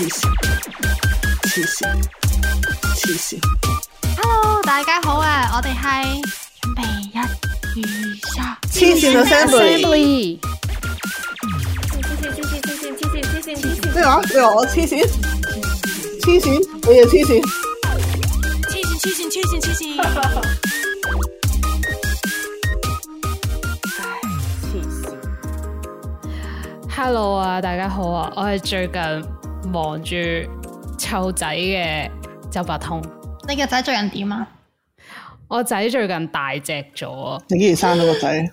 黐線，黐線，黐線！Hello，大家好啊，我哋係準備一二三、cool.，黐線嘅 family。黐線，黐 線，黐線，黐線，黐 線，黐線，黐線。咩 啊？又我黐線，黐 線，我又黐線，黐 線，黐線，黐 線，黐線。唉 黐線 ！Hello 啊，大家好啊，我係最近。望住湊仔嘅周伯通，你嘅仔最近點啊？我仔最近大隻咗。你幾時生到個仔？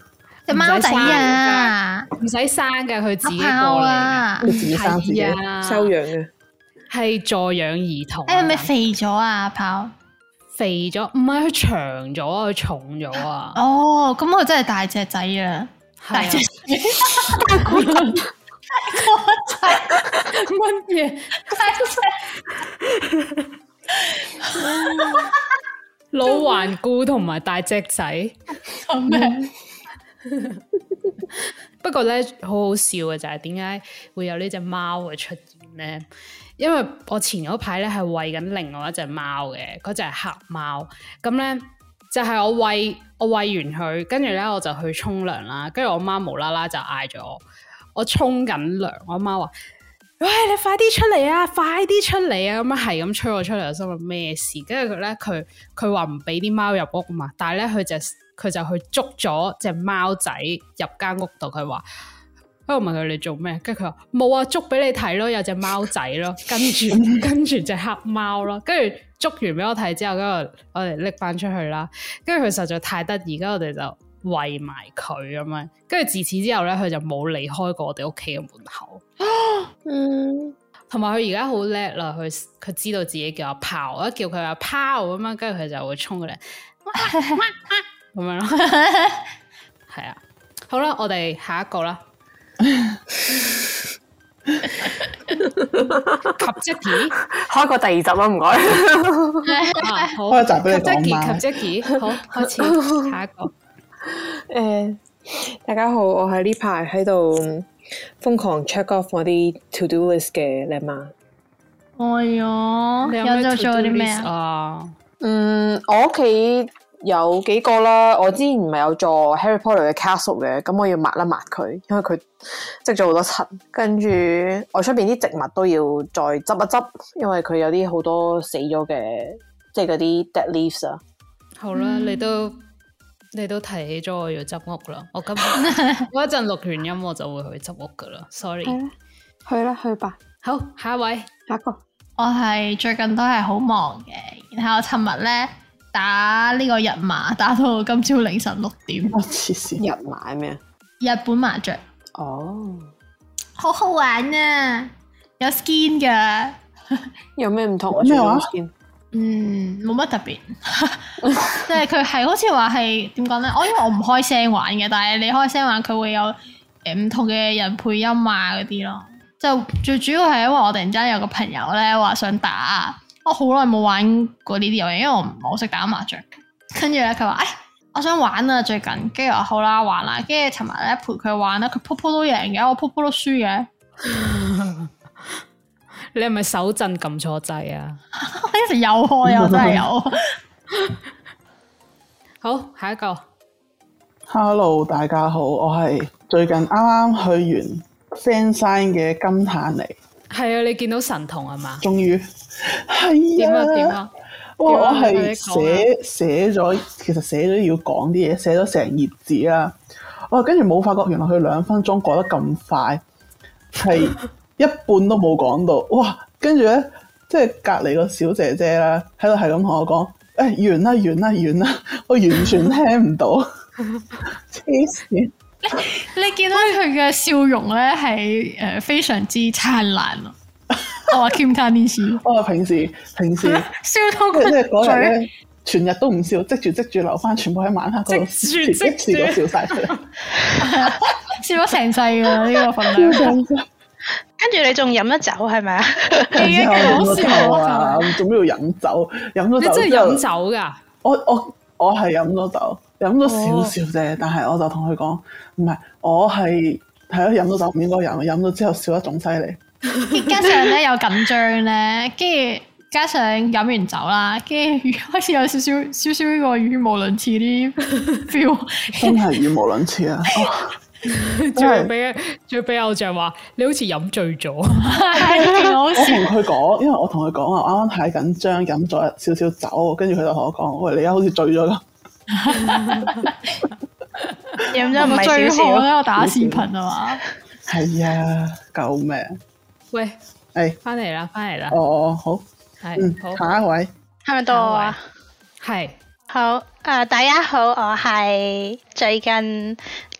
隻貓仔啊，唔使生嘅，佢自己過嚟啊，佢自己生自己收養嘅，係助養兒童。誒，係咪肥咗啊？阿炮肥咗，唔係，佢長咗，佢重咗啊！哦，咁佢真係大隻仔啊！大隻。乜嘢？ 麼 老頑固同埋大隻仔。 不過咧，好好笑嘅就係點解會有呢隻貓嘅出現咧？因為我前嗰排咧係餵緊另外一隻貓嘅，嗰隻係黑貓。咁咧就係我餵我餵完佢，跟住咧我就去沖涼啦。跟住我媽無啦啦就嗌咗我。我沖緊涼，我阿媽話：，喂，你快啲出嚟啊！快啲出嚟啊！咁啊係咁催我出嚟，心諗咩事？跟住佢咧，佢佢話唔俾啲貓入屋啊嘛，但係咧佢就佢就去捉咗隻貓仔入間屋度，佢話：，跟住我問佢你做咩？跟住佢話：冇啊，捉俾你睇咯，有隻貓仔咯，跟住跟住隻黑貓咯，跟住捉完俾我睇之後，跟住我哋拎翻出去啦。跟住佢實在太得意，跟住我哋就。餵埋佢咁樣，跟住自此之後咧，佢就冇離開過我哋屋企嘅門口。嗯，同埋佢而家好叻啦，佢佢知道自己叫阿刨啊，一叫佢阿拋咁樣，跟住佢就會衝過嚟，咁樣咯。係啊，好啦，我哋下一個啦。Jackie，開個第二集咯，唔該。開一集俾你講及 Jackie，好，開始下一個。誒，uh, 大家好，我喺呢排喺度瘋狂 check off 我啲 to do list 嘅、哎、你阿媽，係啊，有在做啲咩啊？嗯，我屋企有幾個啦，我之前唔係有做 Harry Potter 嘅 castle 嘅，咁我要抹一抹佢，因為佢積咗好多塵。跟住我出邊啲植物都要再執一執，因為佢有啲好多死咗嘅，即、就、係、是、嗰啲 dead leaves 啊。好啦吧，嗯、你都。你都提起咗我要執屋啦，我今 我一陣錄完音我就會去執屋噶啦，sorry，去啦去吧，好，下一位，下一個，我係最近都係好忙嘅，然後我尋日咧打呢個日麻，打到今朝凌晨六點，我黐線，日麻係咩？日本麻雀哦，好、oh. 好玩啊，有 skin 噶， 有咩唔同我咩啊？嗯，冇乜特別 是是，即係佢係好似話係點講呢？我、哦、因為我唔開聲玩嘅，但係你開聲玩，佢會有唔同嘅人配音啊嗰啲咯。就最主要係因為我突然間有個朋友呢話想打，我好耐冇玩過呢啲遊戲，因為我唔係好識打麻雀。跟住呢，佢話誒，我想玩啊，最近。跟住我好啦，玩啦。跟住尋日呢，陪佢玩咧，佢扑扑都贏嘅，我扑扑都輸嘅。 你係咪手震撳錯掣啊？ 有開，啊，真係有。 好，下一個。Hello，大家好，我係最近啱啱去完 San 山嘅金壇嚟。係啊，你見到神童係嘛？終於係啊，點啊？啊 我我係寫寫咗，其實寫咗要講啲嘢，寫咗成頁紙啊。我跟住冇發覺，原來佢兩分鐘過得咁快，係。 一半都冇講到，哇！跟住咧，即係隔離個小姐姐啦，喺度係咁同我講：誒、欸，遠啦，遠啦，遠啦！我完全聽唔到，黐線！你你見到佢嘅笑容咧係誒非常之燦爛咯。我話傾下電視，我話 平時平時笑到佢嘴，即全日都唔笑，積住積住，積住留翻，全部喺晚黑嗰度積住都住笑晒。笑咗成世啊！呢、 呢個份量。跟住你仲飲咗酒係咪啊？飲咗 酒啊！做咩 要飲酒？飲咗酒你真係飲酒噶？我我我係飲咗酒，飲咗少少啫。哦，但係我就同佢講，唔係我係喺度飲咗酒唔應該飲，飲咗之後笑得仲犀利。加上咧有緊張咧，跟住加上飲完酒啦，跟住開始有少少少少呢個語無倫次啲 feel， 真係語無倫次啊！ 最俾最俾我就話你好似飲醉咗，我同佢講，因為我同佢講啊，啱啱太緊張，飲咗少少酒，酒，跟住佢就同我講，喂，你而家好似醉咗咯，飲咗唔係少少，我打視頻啊嘛，係啊，救命！喂，誒，翻嚟啦，翻嚟啦，哦哦哦，好，係，嗯，下一位，係咪多啊？係，嗯、好，誒、呃，大家好，我係最近。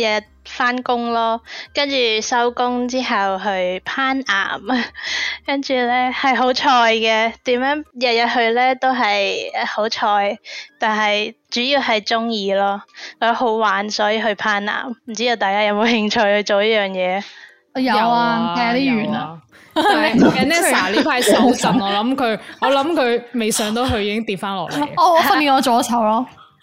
日翻工咯，跟住收工之後去攀岩，跟住咧係好菜嘅。點樣日日去咧都係好菜，但係主要係中意咯，覺得好玩，所以去攀岩。唔知道大家有冇興趣去做呢樣嘢？有啊，睇下啲完啦。Banessa 呢排手震，我諗佢，我諗佢未上到去已經跌翻落嚟。我我訓練我左手咯。跟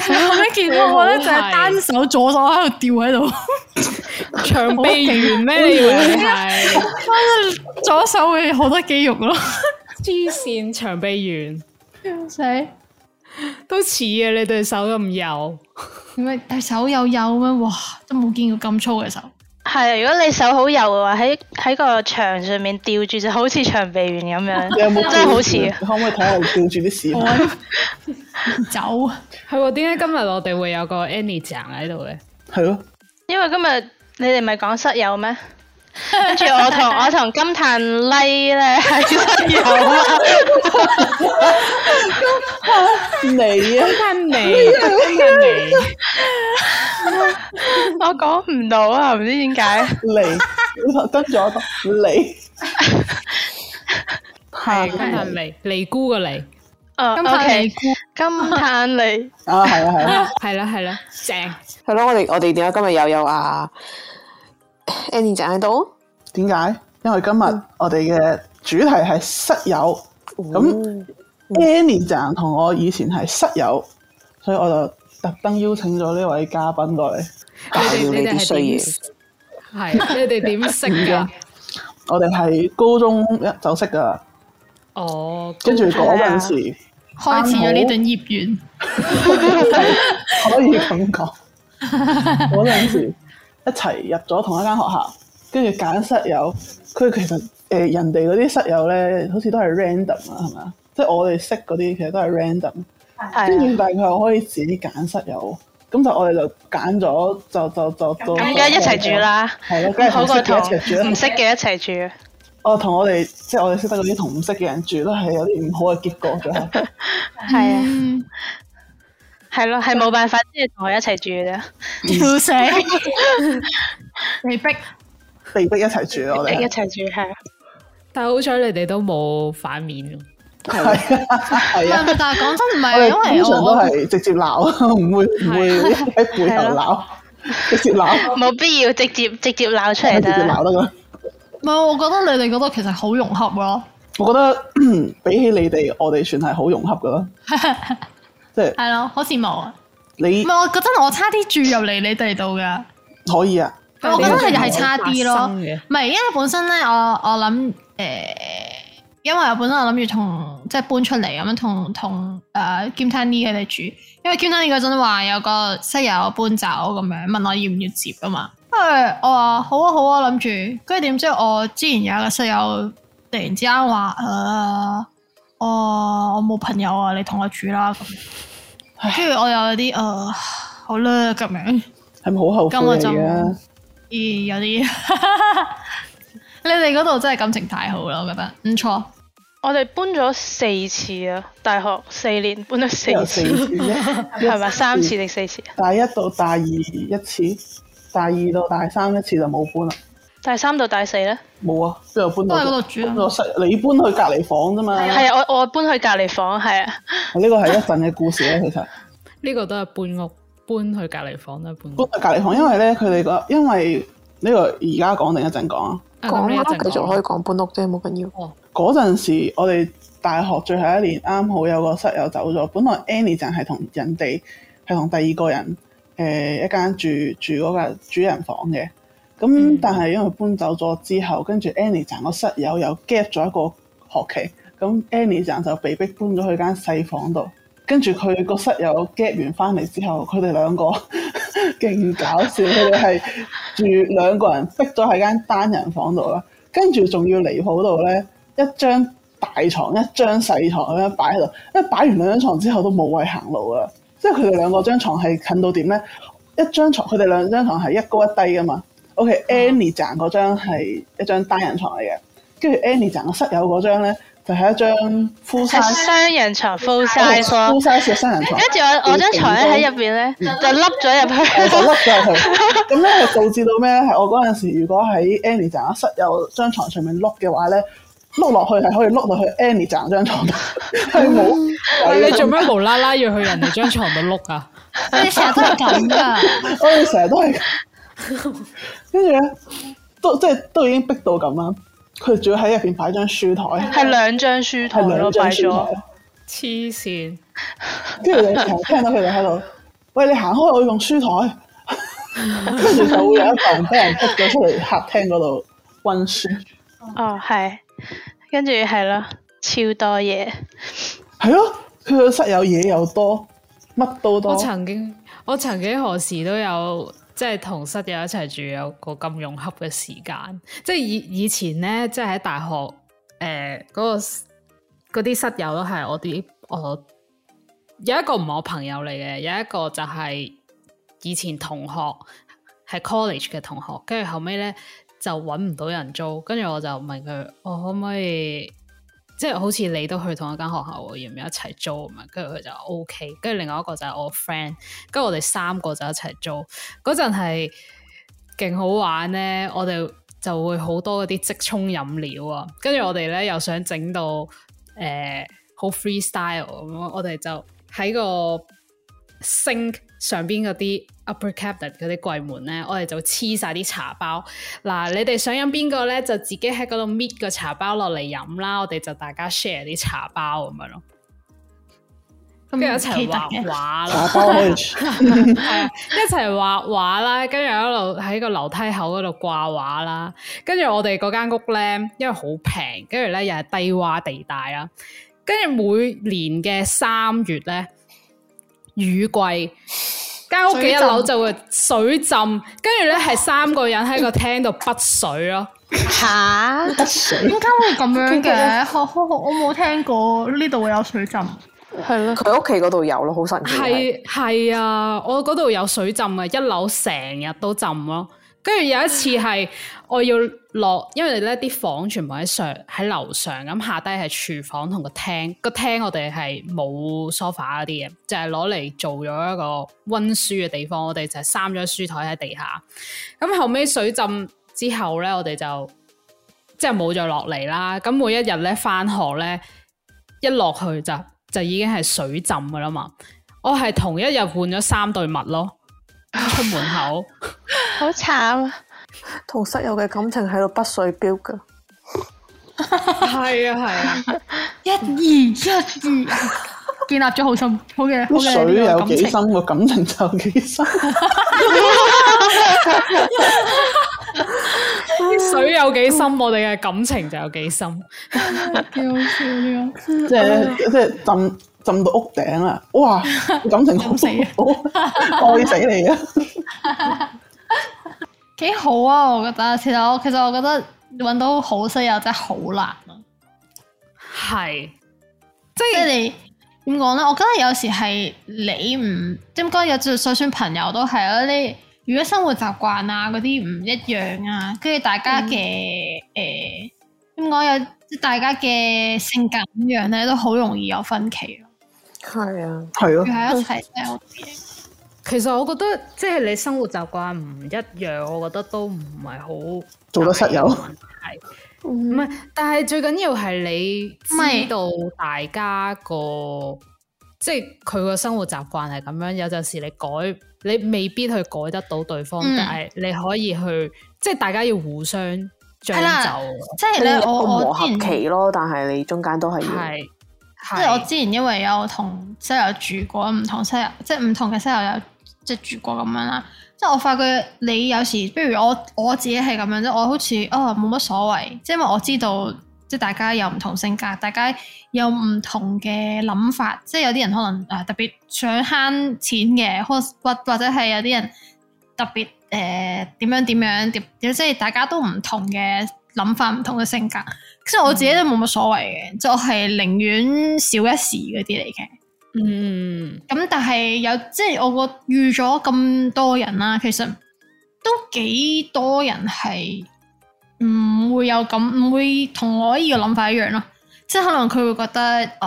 住喺後尾見到我咧，就係單手左手喺度吊喺度，長臂猿咩嚟嘅？係，我嘅左手會好多肌肉咯，黐線長臂猿，死，都似啊。你對手咁幼，點解？但手又幼咩？哇，都冇見過咁粗嘅手。係啊，如果你手好幼嘅話，喺喺個牆上面吊住就好似長臂猿咁樣，真係好似啊？ 你可唔可以睇下我吊住啲屎？ 走啊！係點解今日我哋會有個 Annie 醬喺度咧？係咯 的，因為今日你哋咪講室友咩？跟住我同我同金碳妮咧係室友啊，金碳妮啊，金碳妮，金碳妮，我講唔到啊，唔知點解。妮，跟住我讀妮，係金碳妮，尼姑個尼，呃，金碳妮姑，金碳妮，啊係啊係啊，係啦係啦，正。係咯，我哋我哋點解今日又有啊？Annie 醬喺度，點解？因為今日我哋嘅主題係室友，咁 Annie 醬同我以前係室友，所以我就特登邀請咗呢位嘉賓過嚟，聊呢啲衰嘢。係，你哋點識噶？我哋係高中一就識噶。哦，跟住嗰陣時開始咗呢段孽緣，可以咁講，嗰陣時。一齊入咗同一間學校，跟住揀室友。佢其實誒、呃、人哋嗰啲室友咧，好似都係 random 啊，係咪啊？即係我哋識嗰啲其實都係 random，啊。當然，大概我可以自己揀室友。咁就我哋就揀咗，就就就都咁梗係一齊住啦。係咯，梗係識嘅一齊住好過唔識嘅一齊住。住哦，我同，就是，我哋即係我哋識得嗰啲同唔識嘅人住都係有啲唔好嘅結果嘅。係 啊。嗯係咯，係冇辦法，即要同我一齊住嘅。要死，被逼，啊，被逼一齊住，啊、我哋一齊住係。但係好彩你哋都冇反面。係係啊，但係講真唔係，因為我都係直接鬧，唔會唔會喺背後鬧，直接鬧。冇必要直接直接鬧出嚟，直接鬧得我。唔係，我覺得你哋嗰度其實好融合咯。我覺得比起你哋，我哋算係好融合噶啦。即係係咯，好羨慕你。唔係我覺得我差啲住入嚟你哋度噶，可以啊。我覺得你就係差啲咯，唔係因為本身咧，我我諗誒、呃，因為我本身我諗住同即係搬出嚟咁樣同同誒金碳妮佢哋住，因為金碳妮嗰陣話有個室友搬走咁樣，問我要唔要接啊嘛。跟住我話好啊好啊，諗住、啊。跟住點知我之前有一個室友突然之間話誒。呃哦，我冇朋友啊，你同我住啦。咁譬如我有啲誒、呃，好啦咁樣，係咪好後悔？咁我就，咦、啊呃，有啲， 你哋嗰度真係感情太好啦，我覺得唔錯。我哋搬咗四次啊，大學四年搬咗四,四， 四次，係咪三次定四次？大一到大二一次，大二到大三一次就冇搬啦。第三到第四咧，冇啊，之後搬都係嗰度住室你搬去隔離房啫嘛。係啊，我我搬去隔離房，係啊。呢個係一陣嘅故事咧，其實呢 個都係搬屋，搬去隔離房都係搬屋。搬去隔離房，因為咧佢哋個，因為呢個而家講定一陣講啊。咁繼續可以講搬屋啫，冇緊要。嗰陣時我哋大學最後一年，啱好有個室友走咗， 本來 Annie 就係同人哋係同第二個人，誒、呃、一間住住嗰個主人房嘅。咁、嗯、但係因為搬走咗之後，跟住 Annie 醬個室友又 gap 咗一個學期，咁 Annie 醬就被逼搬咗去間細房度。跟住佢個室友 gap 完翻嚟之後，佢哋兩個勁 搞笑。佢哋係住兩個人逼咗喺間單人房度啦。跟住仲要離譜到咧，一張大床、一張細床咁樣擺喺度。因為擺完兩張床之後都冇位行路啊。即係佢哋兩個張床係近到點咧？一張床，佢哋兩張床係一高一低噶嘛。O.K. Annie 醬嗰張係一張單人床嚟嘅，跟住 Annie 醬室友嗰張咧就係一張 full size 雙人牀，full size 雙人床。跟住我我張床咧喺入邊咧就笠咗入去，笠咗入去。咁咧係導致到咩咧？係我嗰陣時如果喺 Annie 醬室友張床上面碌嘅話咧，碌落去係可以碌落去 Annie 醬張牀，係冇。你做咩無啦啦要去人哋張床度碌啊？你成日都係咁㗎。我哋成日都係。跟住咧，都即係都已經逼到咁啦。佢仲要喺入邊擺張書台，係兩張書台咯，擺咗。黐線！跟住你旁聽到佢哋喺度， 喂，你行開，我要用書台。跟住、 嗯、就會有一房俾人逼咗出嚟，客廳嗰度溫書。 哦，係。跟住係咯，超多嘢。係咯、啊，佢個室友嘢又多，乜都多。我曾經，我曾幾何時都有。即係同室友一齊住，有個咁融洽嘅時間。即係以以前呢，即係喺大學，誒嗰個嗰啲室友都係我啲，我有一個唔係我朋友嚟嘅，有一個就係以前同學，係 college 嘅同學。跟住後尾呢，就揾唔到人租，跟住我就問佢，我可唔可以？即係好似你都去同一間學校，要唔要一齊租咁啊？跟住佢就 OK，跟住另外一個就係我 friend，跟住我哋三個就一齊租。嗰陣係勁好玩咧，我哋就會好多嗰啲即沖飲料啊，跟住我哋咧又想整到誒好、呃、freestyle 咁，我哋就喺個。升上邊嗰啲 upper cabinet 嗰啲櫃門咧，我哋就黐晒啲茶包。嗱、啊，你哋想飲邊個咧？就自己喺嗰度搣個茶包落嚟飲啦。我哋就大家 share 啲茶包咁樣咯，跟住一齊畫畫咯，一齊畫畫啦，跟住 一路喺個樓梯口嗰度掛畫啦，跟住我哋嗰間屋咧，因為好平，跟住咧又係低窪地帶啦，跟住每年嘅三月咧。雨季間屋企一樓就會水浸，跟住咧係三個人喺個廳度滗水咯。吓，滗水，點解，啊、 會咁樣嘅？ 我冇聽過呢度會有水浸，係咯。 佢屋企嗰度有咯，好神奇。係係啊，我嗰度有水浸啊，一樓成日都浸咯。跟住有一次係我要落，因為咧啲房全部喺上喺樓上，咁下低係廚房同個廳，個廳我哋係冇 sofa 嗰啲嘅，就係攞嚟做咗一個温書嘅地方。我哋就係三張書台喺地下。咁後尾水浸之後咧，我哋就即係冇再落嚟啦。咁、就是、每一日咧翻學咧，一落去就就已經係水浸噶啦嘛。我係同一日換咗三對襪咯。出門口，好慘啊！同室友嘅感情喺度不水標噶，係啊係啊，啊 一二一二，建立咗好深，好嘅，好嘅，水有幾深，感情就有幾深。啲 水有幾深，我哋嘅感情就有幾深。幾 好笑呢樣？即係即係等。 就是浸到屋頂啊！哇，感情好死啊， 愛死你啊！幾好啊，我覺得。其實我其實我覺得搵到好室友真係好難啊。係是，即係以你點講咧？我覺得有時係你唔應該，有就算、是、朋友都係啊。你如果生活習慣啊嗰啲唔一樣啊，跟住大家嘅誒點講有即大家嘅性格咁樣咧，都好容易有分歧、啊。係啊，喺一齊聊、啊、其實我覺得，即、就、係、是、你生活習慣唔一樣，我覺得都唔係好做得室友。係唔係？但係最緊要係你知道大家個，是即係佢個生活習慣係咁樣。有陣時你改，你未必去改得到對方，嗯、但係你可以去，即係大家要互相將就、啊。即係咧，有個磨合期咯，但係你中間都係要。即係我之前因為有同室友住過，唔同室友即係唔同嘅室友有即係、就是、住過咁樣啦。即、就、係、是、我發覺你有時，譬如我我自己係咁樣啫。我好似哦，冇乜所謂，即、就、係、是、因為我知道即係、就是、大家有唔同性格，大家有唔同嘅諗法。即、就、係、是、有啲人可能啊特別想慳錢嘅，或或者係有啲人特別誒點、呃、樣點樣點，即係、就是、大家都唔同嘅諗法，唔同嘅性格。即係我自己都冇乜所謂嘅，就是、我係寧願少一事嗰啲嚟嘅。嗯，咁但係有即係我遇咗咁多人啦，其實都幾多人係唔會有咁唔會同我依個諗法一樣咯。即係、嗯、可能佢會覺得誒吓，誒、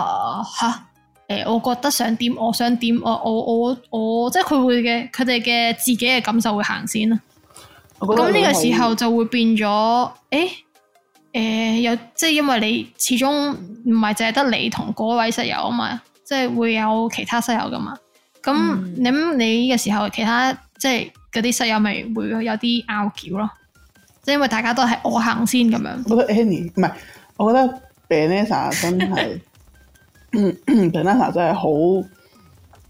啊欸、我覺得想點，我想點，我我我我即係佢會嘅，佢哋嘅自己嘅感受會行先啦。咁呢個時候就會變咗誒。欸誒，有即係因為你始終唔係淨係得你同嗰位室友啊嘛，即係會有其他室友噶嘛。咁、嗯、你咁你嘅個時候，其他即係嗰啲室友咪會有啲拗撬咯，即係因為大家都係我行先咁樣、嗯。我覺得 Annie 唔係，我覺得 Banessa 真係，Banessa 真係好，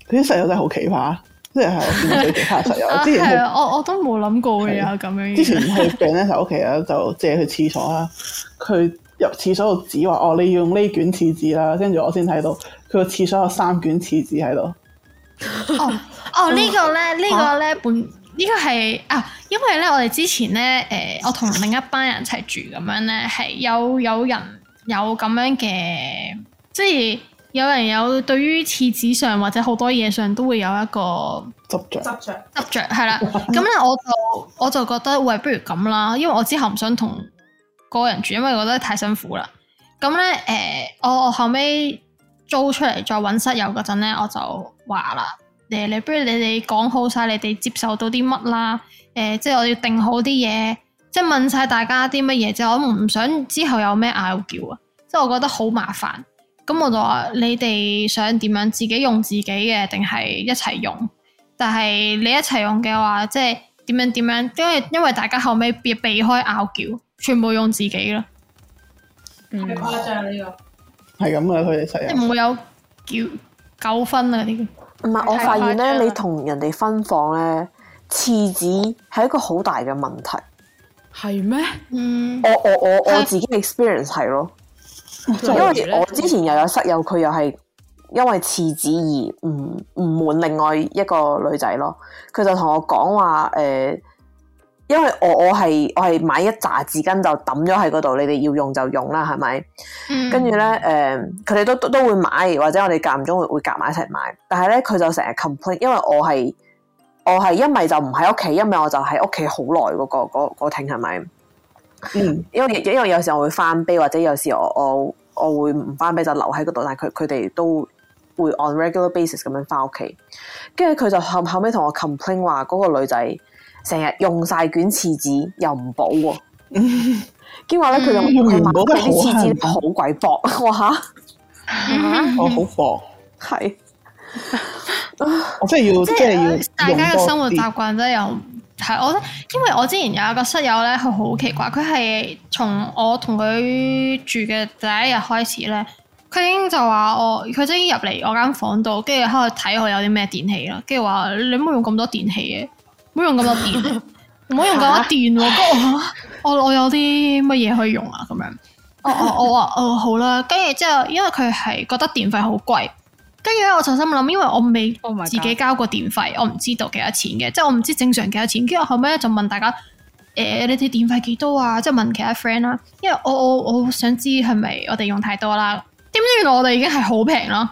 佢啲室友真係好奇葩。即係，我到其他室友，我我都冇諗過嘅啊。咁 樣。之前去病 e n 呢頭屋企啊，就借去廁所啦。佢入廁所度指話，哦，你要用呢卷廁紙啦。跟住我先睇到佢個廁所有三卷廁紙喺度。哦哦，這個、呢、這個咧，呢個咧，本呢、這個係啊，因為咧，我哋之前咧，誒、呃，我同另一班人一齊住咁樣咧，係有有人有咁樣嘅，即係。有人有對於廁紙上或者好多嘢上都會有一個執着。執着，執着，係啦。咁咧我就我就覺得喂，不如咁啦，因為我之後唔想同個人住，因為覺得太辛苦啦。咁咧誒，我我後尾租出嚟再搵室友嗰陣咧，我就話啦誒，你不如你哋講好晒，你哋接受到啲乜啦。誒，即係我要定好啲嘢，即係問晒大家啲乜嘢之後，即我唔想之後有咩拗叫啊，即係我覺得好麻煩。咁我就話你哋想點樣自己用自己嘅，定係一齊用？但係你一齊用嘅話，即係點樣點樣？因為因為大家後尾避避開拗撬，全部用自己咯。嗯，太誇張呢個，係咁嘅，佢哋細唔會有叫糾紛啊？呢唔係我發現咧，你同人哋分房咧，廁紙係一個好大嘅問題。係咩？嗯，我我我是我自己 experience 係咯。因為我之前又有室友，佢又係因為廁紙而唔唔滿另外一個女仔咯。佢就同我講話誒、呃，因為我我係我係買一扎紙巾就抌咗喺嗰度，你哋要用就用啦，係咪？嗯、跟住咧誒，佢、呃、哋都都都會買，或者我哋間唔中會會夾埋一齊買。但係咧佢就成日 complain，因為我係我係一咪就唔喺屋企，一咪我就喺屋企好耐嗰個嗰、嗰個廳係咪？那個嗯，因為因為有時候我會翻杯，或者有時我我我會唔翻杯就留喺嗰度，但係佢佢哋都會 on regular basis 咁樣翻屋企，跟住佢就後後尾同我 complain 話嗰個女仔成日用晒卷廁紙又唔補喎，跟話咧佢又唔補，啲廁紙好鬼薄，我吓吓，我好薄，係是， 我真係要，真係要，大家嘅生活習慣真係又。係，我，覺得，因為我之前有一個室友咧，佢好奇怪，佢係從我同佢住嘅第一日開始咧，佢已經就話我，佢即係入嚟我間房度，跟住喺度睇我有啲咩電器啦，跟住話你唔好用咁多電器嘅，唔好用咁多電，唔好 用咁多電我，我我我有啲乜嘢可以用啊？咁樣，我我我話，哦，哦，哦好啦，跟住之後，因為佢係覺得電費好貴。跟住我我就心諗，因為我未自己交過電費，我唔知道幾多錢嘅，即係我唔知正常幾多錢。跟住後尾咧，就問大家，誒、欸，你哋電費幾多啊？即係問其他 friend 啦、啊，因為我我我想知係咪我哋用太多啦？點知原來我哋已經係好平咯。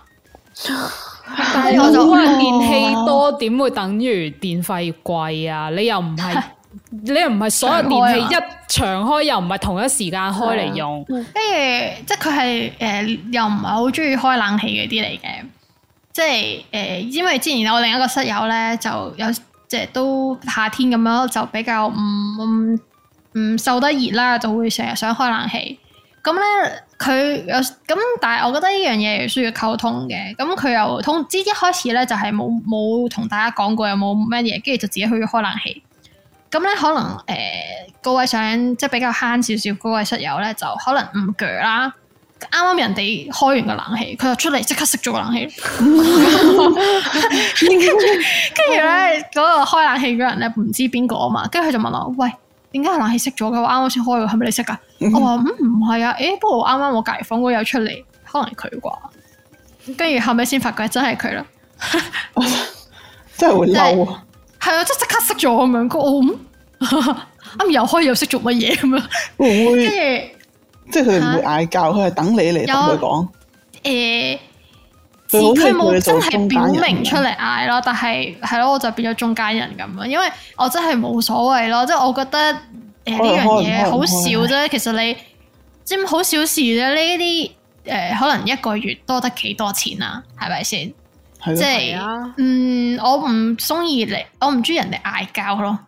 但係、 哦、我就可能電器多，點會等於電費貴啊？你又唔係， 你又唔係所有電器一長開，又唔係同一時間開嚟用。跟住、嗯嗯，即係佢係誒，又唔係好中意開冷氣嗰啲嚟嘅。即係誒、呃，因為之前我另一個室友咧就有即係、呃、都夏天咁樣就比較唔唔唔受得熱啦，就會成日想開冷氣。咁咧佢有咁，但係我覺得呢樣嘢需要溝通嘅。咁、嗯、佢又通知，一開始咧就係冇冇同大家講過有冇咩嘢，跟住就自己去開冷氣。咁、嗯、咧可能誒，呃、嗰位想即係比較慳少少嗰位室友咧，就可能唔鋸啦。啱啱人哋開完個冷氣，佢就出嚟即刻熄咗個冷氣。跟住，跟住咧嗰個開冷氣嗰人咧唔知邊個啊嘛，跟住佢就問我，喂，點解冷氣熄咗嘅？我啱啱先開嘅，係咪你熄噶？嗯、哼我話唔唔係啊，誒，不過啱啱我隔籬房嗰個又出嚟，可能係佢啩。跟住後尾先發覺真係佢啦， 真係好嬲啊！係 啊，即即刻熄咗咁樣，我咁啱、嗯、 又開又熄做乜嘢咁樣，跟 住。即係佢唔會嗌交，佢係、啊、等你嚟同佢講。誒，佢、呃、冇真係表明出嚟嗌咯，但係係咯，我就變咗中間人咁樣。因為我真係冇所謂咯，即係我覺得誒呢樣嘢好少啫。其實你，咁好小事啫。呢啲誒可能一個月多得幾多錢啊？係咪先？的即係是、啊、嗯，我唔中意你，我唔中意人哋嗌交咯。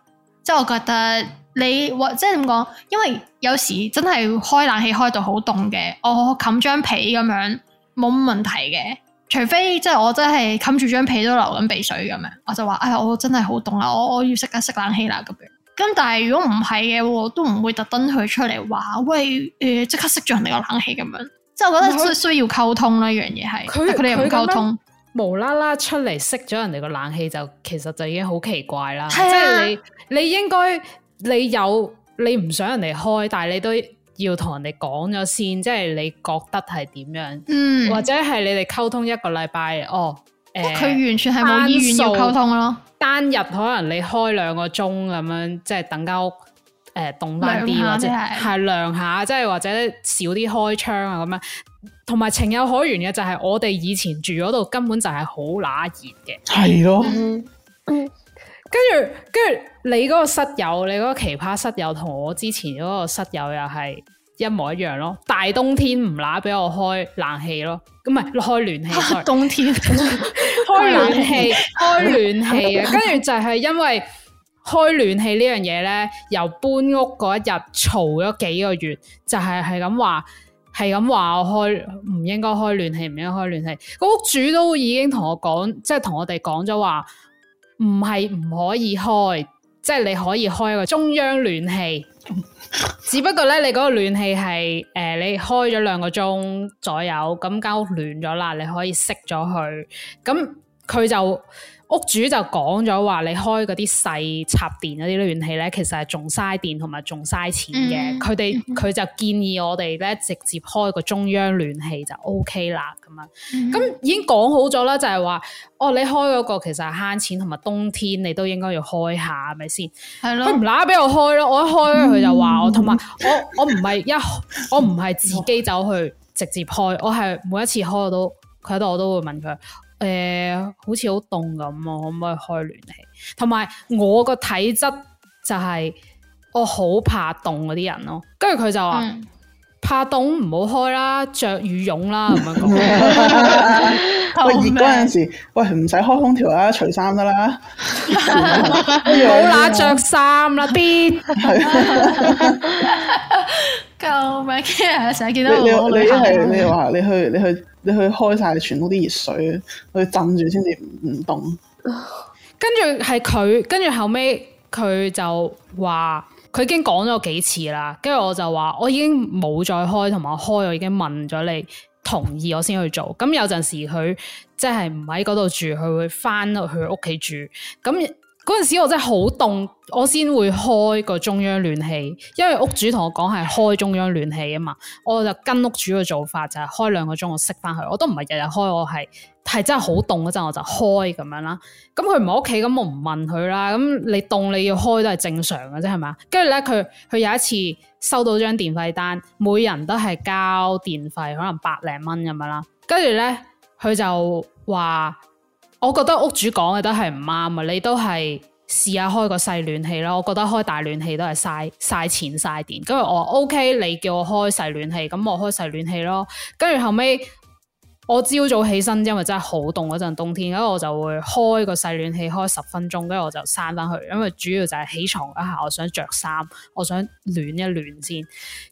即係我覺得。你或即係點講？因為有時真係開冷氣開到好凍嘅，我冚張被咁樣冇問題嘅。除非即係我真係冚住張被都流緊鼻水咁樣，我就話啊、哎，我真係好凍啦，我我要熄一熄冷氣啦咁樣。咁但係如果唔係嘅，我都唔會特登去出嚟話喂，誒，即、欸、刻熄咗人哋個冷氣咁樣。即係我覺得需需要溝通啦，一樣嘢係，佢哋唔溝通，無啦啦出嚟熄咗人哋個冷氣就其實就已經好奇怪啦。即係是、啊、你你應該。你有你唔想人哋開，但係你都要同人哋講咗先，即係你覺得係點樣？嗯，或者係你哋溝通一個禮拜哦。誒，佢完全係冇醫院要溝通咯單。單日可能你開兩個鐘咁樣，即係等間屋誒凍翻啲，呃、或者係涼是下，即係或者少啲開窗啊咁樣。同埋情有可原嘅就係我哋以前住嗰度根本就係好乸熱嘅。係咯， 跟住跟住。跟你嗰個室友，你嗰個奇葩室友同我之前嗰個室友又係一模一樣咯。大冬天唔乸俾我開冷氣咯，咁係開暖氣。冬天開暖氣，開暖氣啊！跟住就係因為開暖氣呢樣嘢咧，由搬屋嗰一日嘈咗幾個月，就係係咁話，係咁話我開唔應該開暖氣，唔應該開暖氣。個屋主都已經同我講，即係同我哋講咗話，唔係唔可以開。即係你可以開一個中央暖氣， 只不過咧，你嗰個暖氣係，誒，你開咗兩個鐘左右，咁間屋暖咗啦，你可以熄咗佢，咁佢就。屋主就講咗話：你開嗰啲細插電嗰啲暖氣咧，其實係仲嘥電同埋仲嘥錢嘅。佢哋佢就建議我哋咧直接開個中央暖氣就 OK 啦咁樣。咁、嗯、已經講好咗啦，就係話哦，你開嗰個其實係慳錢，同埋冬天你都應該要開下，係咪先？係咯的，佢唔乸俾我開咯，我一開佢就話我。同埋、嗯、我我唔係一我唔係自己走去直接開，我係每一次開我都佢喺度，我都會問佢。誒、欸，好似好凍咁，可唔可以開暖氣？同埋我個體質就係、是、我好怕凍嗰啲人咯。跟住佢就話、嗯、怕凍唔好開啦，着羽絨啦咁樣講。喂，嗰陣時喂唔使開空調啊，除衫得啦。好喇着衫啦，邊？ 邊 救命！成日見到我旅行。你係你話你去你去你去開曬全屋啲熱水，去浸住先至唔唔凍。跟住係佢，跟住後尾佢就話，佢已經講咗幾次啦。跟住我就話，我已經冇再開，同埋我開我已經問咗你同意，我先去做。咁有陣時佢即係唔喺嗰度住，佢會翻去屋企住。咁。嗰陣時我真係好凍，我先會開個中央暖氣，因為屋主同我講係開中央暖氣啊嘛，我就跟屋主嘅做法就係開兩個鐘，我熄翻佢。我都唔係日日開，我係係真係好凍嗰陣我就開咁樣啦。咁佢唔喺屋企，咁我唔問佢啦。咁你凍你要開都係正常嘅啫，係咪？跟住咧，佢佢有一次收到張電費單，每人都係交電費可能百零蚊咁樣啦。跟住咧，佢就話。我覺得屋主講嘅都係唔啱啊！你都係試下開個細暖氣咯，我覺得開大暖氣都係嘥嘥錢嘥電。跟住我話 OK，你叫我開細暖氣，咁我開細暖氣咯。跟住後尾我朝早起身，因為真係好凍嗰陣冬天，咁我就會開個細暖氣開十分鐘，跟住我就閂翻去，因為主要就係起床一下我想着衫，我想暖一暖先。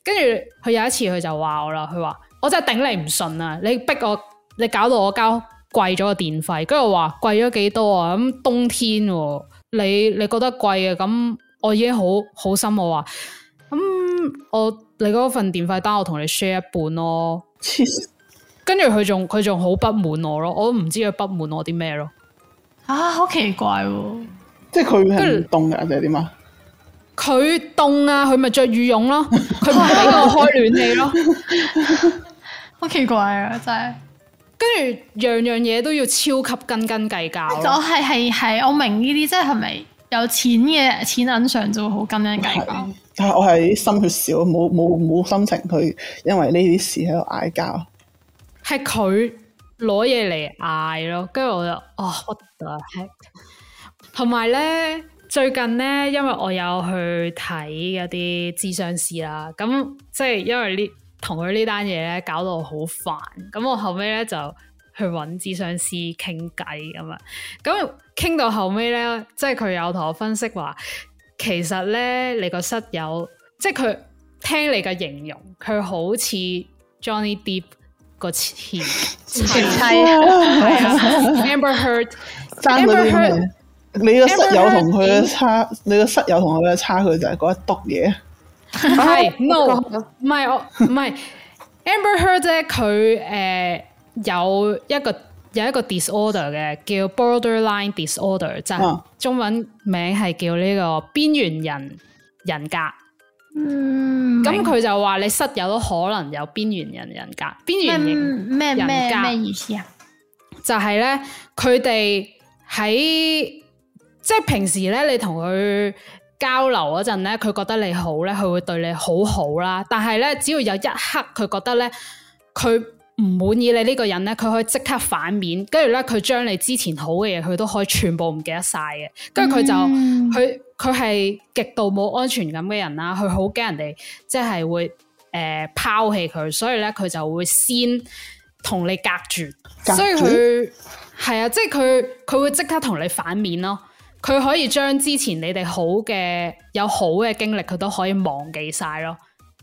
跟住佢有一次佢就話我啦，佢話我真係頂你唔順啊！你逼我，你搞到我交貴咗個電費，跟住我話貴咗幾多、嗯、啊？咁冬天你你覺得貴嘅咁，我已經好好心，我話咁我你嗰份電費單我同你 share 一半咯。跟住佢仲佢仲好不滿我咯，我都唔知佢不滿我啲咩咯。啊，好奇怪，即係佢係凍嘅定係點啊？佢凍啊，佢咪着羽絨咯，佢唔畀我開暖氣咯，好奇怪啊，真係。跟住樣樣嘢,都要超級斤斤計較。就係係係我明呢啲，即係咪有錢嘅錢銀上就會好斤斤計較。但係我係心血少，冇冇冇心情去因為呢啲事喺度嗌交。係佢攞嘢嚟嗌咯，跟住我就哦 what the heck 同埋咧，最近咧，因為我有去睇嗰啲諮詢師啦，咁即係因為呢。同佢呢單嘢咧搞到我好煩，咁我後尾，咧就去揾諮商師傾偈咁啊，咁傾到後尾咧，即係佢有同我分析話，其實咧，你個室友，即係佢聽你嘅形容，佢好似 Johnny Depp 個前前妻，Amber Heard，爭咗啲咩，你個室友同佢嘅差，你個室友同佢嘅差距就係嗰一篤嘢。係 ，no，唔係我唔係。 Amber Heard 佢誒、呃、有一個有一個 disorder 嘅，叫 Borderline Disorder，即係中文名係叫呢個邊緣人人格。嗯，咁佢就話你室友都可能有邊緣人人格。邊緣人咩咩咩意思啊？就係咧，佢哋喺即係平時咧，你同佢。交流嗰陣咧，佢覺得你好咧，佢會對你好好啦。但係咧，只要有一刻佢覺得咧，佢唔滿意你呢個人咧，佢可以即刻反面，跟住咧佢將你之前好嘅嘢，佢都可以全部唔記得晒嘅。跟住佢就，佢佢係極度冇安全感嘅人啦。佢好驚人哋即係會誒拋棄佢，所以咧佢就會先同你隔住。隔住？所以佢係啊，即係佢佢會即刻同你反面咯。佢可以將之前你哋好嘅有好嘅經歷，佢都可以忘記晒咯。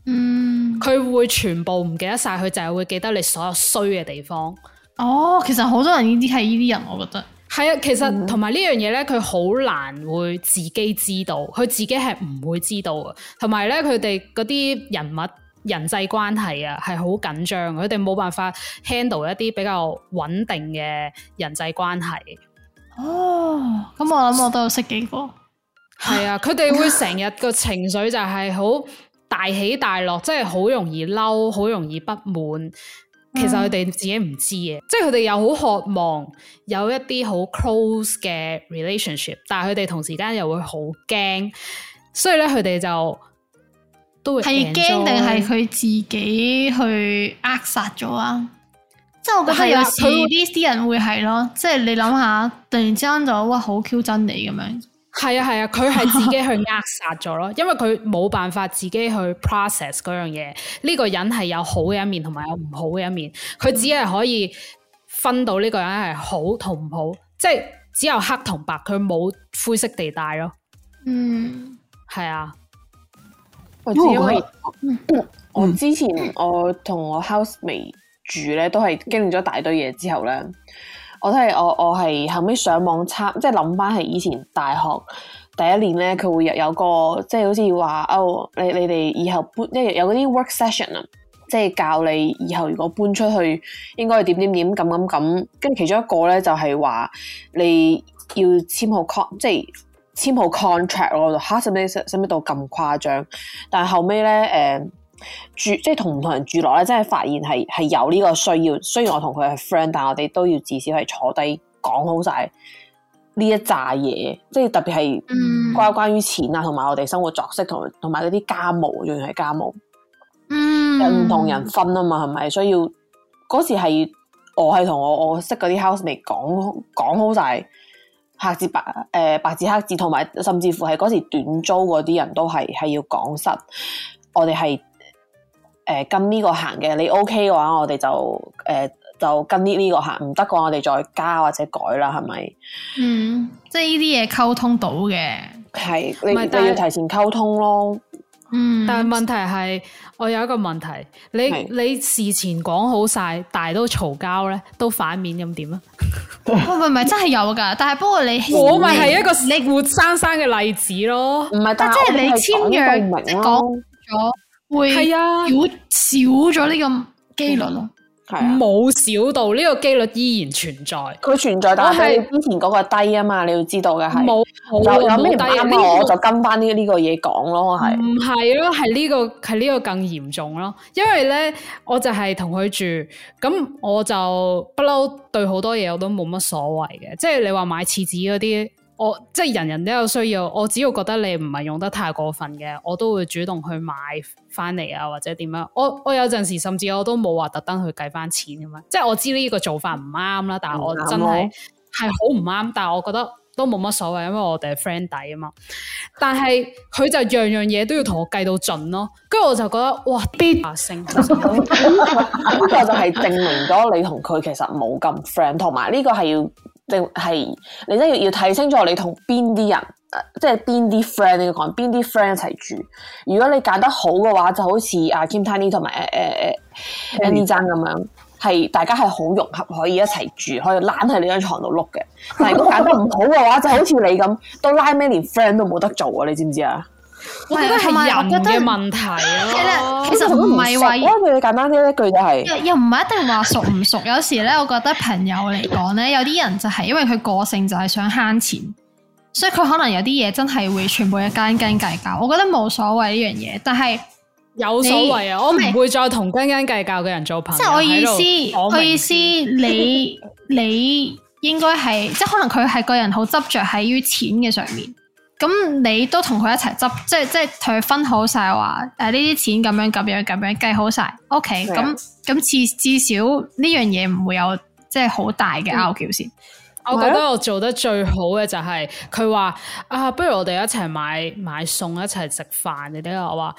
嗯，佢會全部唔記得晒，佢就係會記得你所有衰嘅地方。哦，其實好多人呢啲係依啲人，我覺得係啊。其實同埋呢樣嘢咧，佢好難會自己知道，佢自己係唔會知道嘅。同埋咧，佢哋嗰啲人物人際關係啊，係好緊張，佢哋冇辦法 handle 一啲比較穩定嘅人際關係。哦，咁、嗯嗯、我諗我都有識幾個。係 啊，佢哋會成日個情緒就係好大起大落，即係好容易嬲，好容易不滿。其實佢哋自己唔知嘅，嗯、即係佢哋又好渴望有一啲好 close 嘅 relationship，但係佢哋同時間又會好驚，所以咧佢哋就都會係驚定係佢自己去扼殺咗啊。即係我覺得有時啲啲人會係咯，即係你諗下，突然之間就哇好 Q 真你咁樣。係啊係啊，佢係、啊、自己去扼殺咗咯， 因為佢冇辦法自己去 process 嗰樣嘢。呢、這個人係有好嘅一,一面，同埋有唔好嘅一面。佢只係可以分到呢個人係好同唔好，即係只有黑同白，佢冇灰色地帶咯。嗯，係啊。因為我、嗯、我之前我同我 housemate。住咧都係經歷咗大堆嘢之後咧，我都係我我係後尾上網參即係諗翻係以前大學第一年咧，佢會有有個即係好似話哦，你你哋以後搬即係有嗰啲 work session 啊，即係教你以後如果搬出去應該係點點點咁咁咁，跟住其中一個咧就係話你要簽好 con 即係簽好 contract 咯嚇，使唔使使唔使到咁誇張？但係後尾咧誒。呃住即係同唔同人住落咧，真係發現係係有呢個需要。雖然我同佢係 friend，但係我哋都要至少係坐低講好晒呢一紮嘢。即係特別係關關於錢啊，同埋我哋生活作息同同埋嗰啲家務，仲要係家務。家務嗯，唔同人分啊嘛，係咪？所以嗰時係我係同我我識嗰啲 housemate 講講好晒，好黑字白誒、呃、白紙黑字，同埋甚至乎係嗰時短租嗰啲人都係係要講實。我哋係。誒、呃，跟呢個行嘅，你 OK 嘅話，我哋就誒、呃、就跟呢呢個行，唔得嘅話，我哋再加或者改啦，係咪？嗯，即係呢啲嘢溝通到嘅，係你咪都但要提前溝通咯。嗯，但係問題係，我有一個問題，你是你事前講好晒， 但係都嘈交咧，都反面咁點啊？唔唔真係有噶，但係不過你我咪係一個你活生生嘅例子咯。唔係，但係即係你簽約，你講咗。嗯 會係啊，如果少咗呢個幾率咯，冇少到呢個、這個幾率依然存在，佢存在，但係之前嗰個低啊嘛，是你要知道嘅係冇好啊好低，呢個我、這個、我就跟翻呢呢個嘢講咯，係唔係咯？係呢個、這個係呢個更嚴重咯，因為咧我就係同佢住，咁我就不嬲對好多嘢我都冇乜所謂嘅，即係你話買廁紙嗰啲。我即係人人都有需要，我只要覺得你唔係用得太過分嘅，我都會主動去買翻嚟啊，或者點樣？我我有陣時甚至我都冇話特登去計翻錢咁樣，即係我知呢個做法唔啱啦，但係我真係係好唔啱，但係我覺得都冇乜所謂，因為我哋係 friend 底啊嘛。但係佢就樣樣嘢都要同我計到盡咯，跟住我就覺得哇，必勝呢個就係證明咗你同佢其實冇咁 friend，同埋呢個係要。定係你真要要睇清楚你同邊啲人，呃、即係邊啲 friend 你要講邊啲 friend 一齊住。如果你揀得好嘅話，就好似阿金碳妮同埋誒誒誒安妮醬咁樣，係大家係好融合，可以一齊住，可以攬喺你張床度碌嘅。但係如果揀得唔好嘅話， 就好似你咁，都拉咩連 friend 都冇得做啊！你知唔知啊？我覺得係人嘅問題咯、啊。其實唔係話，我對你簡單啲一句就係，又唔係一定話熟唔熟。 有時咧，我覺得朋友嚟講咧，有啲人就係因為佢個性就係想慳錢，所以佢可能有啲嘢真係會全部一斤斤計較。我覺得冇所謂呢樣嘢，但係有所謂啊，我唔會再同斤斤計較嘅人做朋友。即係我，我，我意思，我意思，你你應該係， 即係可能佢係個人好執着喺於錢嘅上面。咁你都同佢一齊執，即係即係佢分好晒話，誒呢啲錢咁樣咁樣咁樣計好晒。OK，咁咁的至至少呢樣嘢唔會有即係好大嘅拗撬先。嗯、我覺得我做得最好嘅就係佢話啊，不如我哋一齊買買餸，一齊食飯你啲我話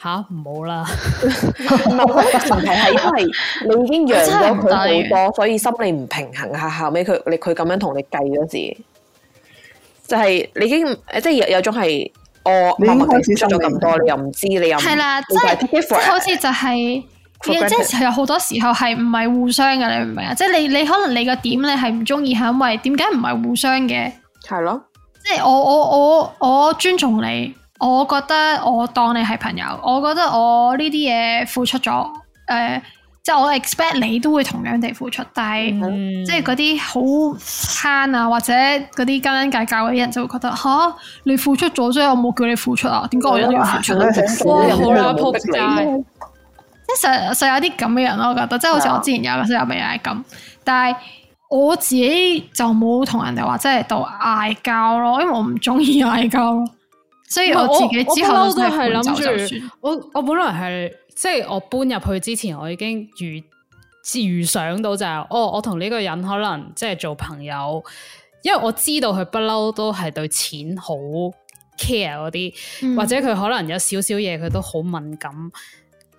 吓唔好啦。問題係因為你已經讓咗佢，所以心理唔平衡。下後尾佢你佢咁樣同你計咗字。就係、是、你已經，誒，即係有有種係我默默哋做咗咁多，嗯、你又唔知，的你又係啦，即係是好似就係、是，for granted. 即係其實好多時候係唔係互相嘅，你明唔明啊？即係你你可能你個點你係唔中意，係因為點解唔係互相嘅？係咯的，即係我我我我尊重你，我覺得我當你係朋友，我覺得我呢啲嘢付出咗，誒、呃。即係我 expect 你都會同樣地付出，但係、嗯、即係嗰啲好慳啊，或者嗰啲斤斤計較嗰啲人就會覺得，吓，你付出咗，所以我冇叫你付出啊？點解我一定要付出？哦、哇，好啦，扑街！即係實實有啲咁嘅人咯，我覺得即係好似我之前有個室友咪又係咁，是啊、但係我自己就冇同人哋話，即係到嗌交咯，因為我唔中意嗌交咯，所以我自己之後都係諗住，我我，我，我本來係。即係我搬入去之前，我已經預預想到就係、是，哦，我同呢個人可能即係做朋友，因為我知道佢不嬲都係對錢好 care 嗰啲，嗯、或者佢可能有少少嘢，佢都好敏感，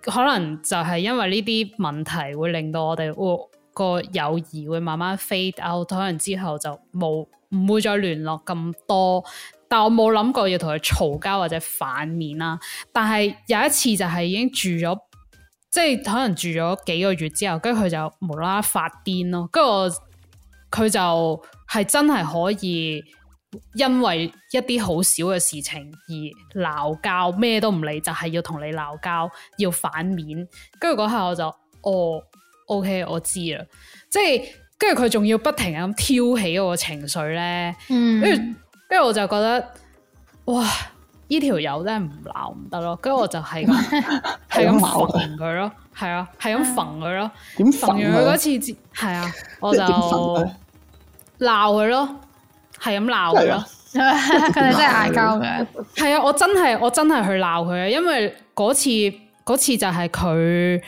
可能就係因為呢啲問題會令到我哋個、哦嗰個友誼會慢慢 fade out，可能之後就冇唔會再聯絡咁多。但我冇諗過要同佢嘈交或者反面啦。但係有一次就係已經住咗，即係可能住咗幾個月之後，跟住佢就無啦啦發癲咯。跟住我佢就係真係可以因為一啲好少嘅事情而鬧交，咩都唔理，就係要同你鬧交，要反面。跟住嗰刻我就，哦，OK，我知啦。即係跟住佢仲要不停咁挑起我情緒咧。嗯。跟住我就覺得，哇！呢條友真係唔鬧唔得咯，跟住 我就係咁，係咁鬧佢咯，係 啊，係咁煩佢咯。點煩佢嗰次？係啊，我就鬧佢咯，係咁鬧佢咯。佢哋 真係嗌交嘅。係 啊，我真係我真係去鬧佢啊！因為嗰次嗰次就係佢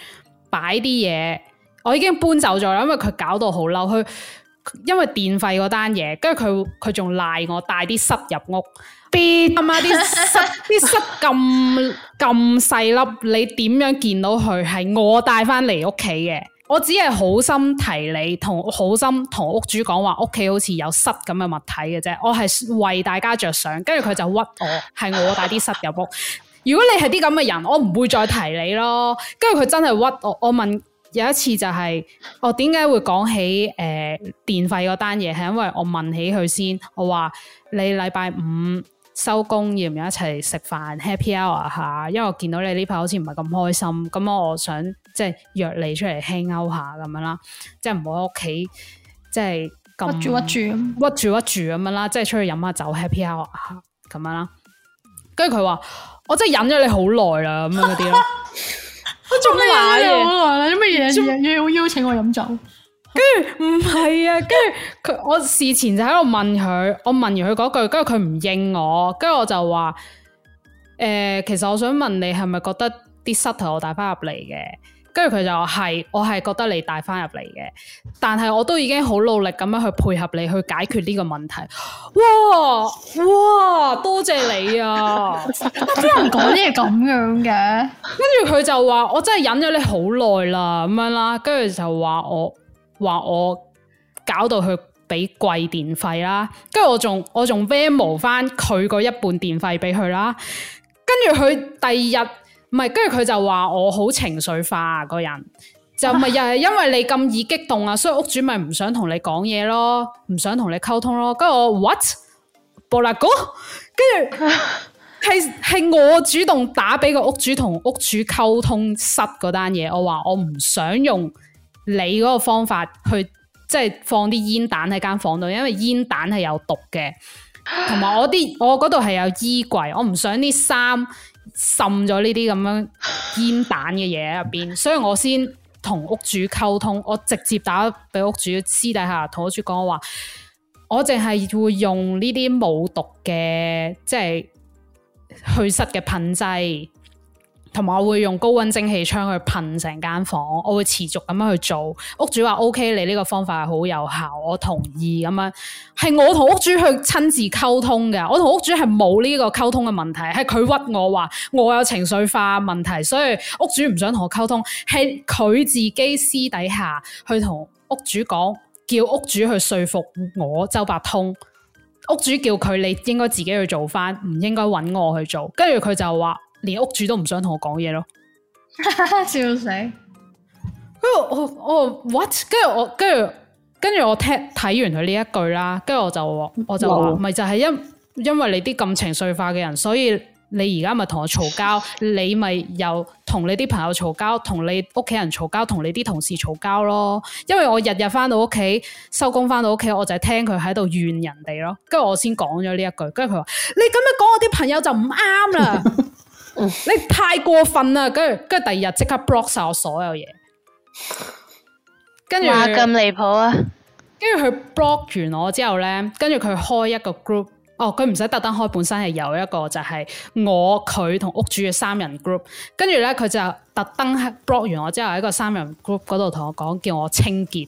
擺啲嘢，我已經搬走咗啦，因為佢搞到好嬲佢。因為電費嗰單嘢，跟住佢佢仲賴我帶啲虱入屋，啲阿媽啲虱啲虱咁咁細粒，你點樣見到佢係我帶翻嚟屋企嘅？我只係好心提你，同好心同屋主講話屋企好似有虱咁嘅物體嘅啫，我係為大家着想。跟住佢就屈我，係 我帶啲虱入屋。如果你係啲咁嘅人，我唔會再提你咯。跟住佢真係屈我，我問。有一次就係、是，我點解會講起誒、呃、電費嗰單嘢，係因為我問起佢先，我話你禮拜五收工要唔要一齊食飯 happy hour 下？因為我見到你呢排好似唔係咁開心，咁我想即係約你出嚟輕勾下咁樣啦，即係唔好喺屋企，即係屈住屈住屈住屈住咁樣啦，即係出去飲下酒 happy hour 下咁樣啦。跟住佢話我真係忍咗你好耐啦，咁樣嗰啲咯。 我做咩嘢？我做咩嘢？仲還要邀請我飲酒？跟住唔係啊，跟住佢我事前就喺度問佢， 我問完佢嗰句，跟住佢唔應我，跟住我就話誒，其實我想問你係咪覺得啲膝頭我帶翻入嚟嘅？跟住佢就話係，我係覺得你帶翻入嚟嘅，但係我都已經好努力咁樣去配合你去解決呢個問題。哇哇，多謝你啊！邊有 人講嘢咁樣嘅？跟住佢就話，我真係忍咗你好耐啦咁樣啦，跟住就話我話我搞到佢俾貴電費啦，跟住我仲我仲 van 翻佢嗰一半電費俾佢啦，跟住佢第二日。唔係，跟住佢就話我好情緒化啊。個人，就咪又係因為你咁易激動啊，所以屋主咪唔想同你講嘢咯，唔想同你溝通咯。跟住我 what？布拉哥，跟住係係我主動打俾個屋主同屋主溝通塞嗰單嘢，我話我唔想用你嗰個方法去即係、就是、放啲煙彈喺間房度，因為煙彈係有毒嘅，同埋我啲我嗰度係有衣櫃，我唔想啲衫滲咗呢啲咁樣煙彈嘅嘢喺入邊，所以我先同屋主溝通，我直接打俾屋主私底下同屋主講，我話我淨係會用呢啲冇毒嘅，即係祛濕嘅噴劑。同埋我會用高温蒸汽槍去噴成間房，我會持續咁樣去做。屋主話 OK，你呢個方法係好有效，我同意咁樣。係我同屋主去親自溝通嘅，我同屋主係冇呢個溝通嘅問題，係佢屈我話我有情緒化問題，所以屋主唔想同我溝通，係佢自己私底下去同屋主講，叫屋主去說服我周伯通。屋主叫佢，你應該自己去做翻，唔應該揾我去做。跟住佢就話。連屋主都唔想同我講嘢咯，， 笑死！跟住我我，我 what？跟住我跟住跟住我睇睇完佢呢一句啦，跟住我就我就話，咪哇就係因因為你啲咁情緒化嘅人，所以你而家咪同我嘈交， 你咪又同你啲朋友嘈交，同你屋企人嘈交，同你啲同事嘈交咯。因為我日日返到屋企收工返到屋企，我就係聽佢喺度怨人哋咯。跟住我先講咗呢一句，跟住佢話，你咁樣講我啲朋友就唔啱啦。 你太過分啦！跟住，跟住第二日即刻 block 晒我所有嘢。跟住話，咁離譜啊！跟住佢 block 完我之後咧，跟住佢開一個 group，哦，佢唔使特登開，本身係有一個就係我佢同屋主嘅三人 group。跟住咧，佢就特登 block 完我之後喺個三人 group 嗰度同我講，叫我清潔。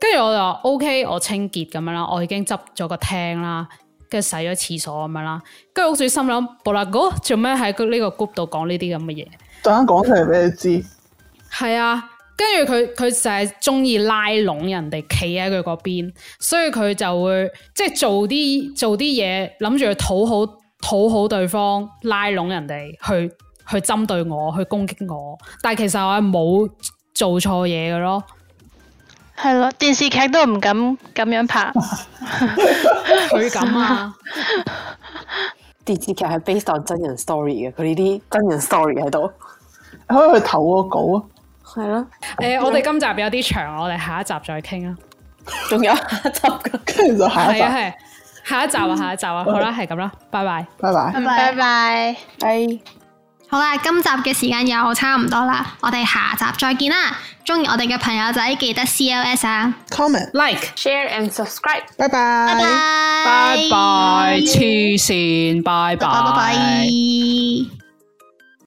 跟住我就 O、okay，K，我清潔咁樣啦，我已經執咗個廳啦。跟住洗咗廁所咁樣啦，跟住好似心諗，布拉哥做咩喺呢個 group 度講呢啲咁嘅嘢？特登講出嚟俾你知。係啊，跟住佢佢就係中意拉攏人哋企喺佢嗰邊，所以佢就會即係、就是、做啲做啲嘢，諗住去討好討好對方，拉攏人哋去去針對我，去攻擊我。但係其實我係冇做錯嘢嘅咯。係咯，電視劇都唔敢咁樣拍，佢咁 啊！ 電視劇係 based on 真人 story 嘅，佢呢啲真人 story 喺度，可以去投個稿啊。係咯，誒、啊欸，我哋今集有啲長，我哋下一集再傾啊。仲 有， 有下一集跟住就下一係下一集啊，下一集啊，嗯、好啦吧，係咁啦，拜拜，拜拜，拜拜，拜。好啦，今集嘅時間又差唔多啦，我哋下集再見啦！鍾意我哋嘅朋友仔記得 CLS 啊，comment like share and subscribe，拜拜拜拜，黐線，拜拜。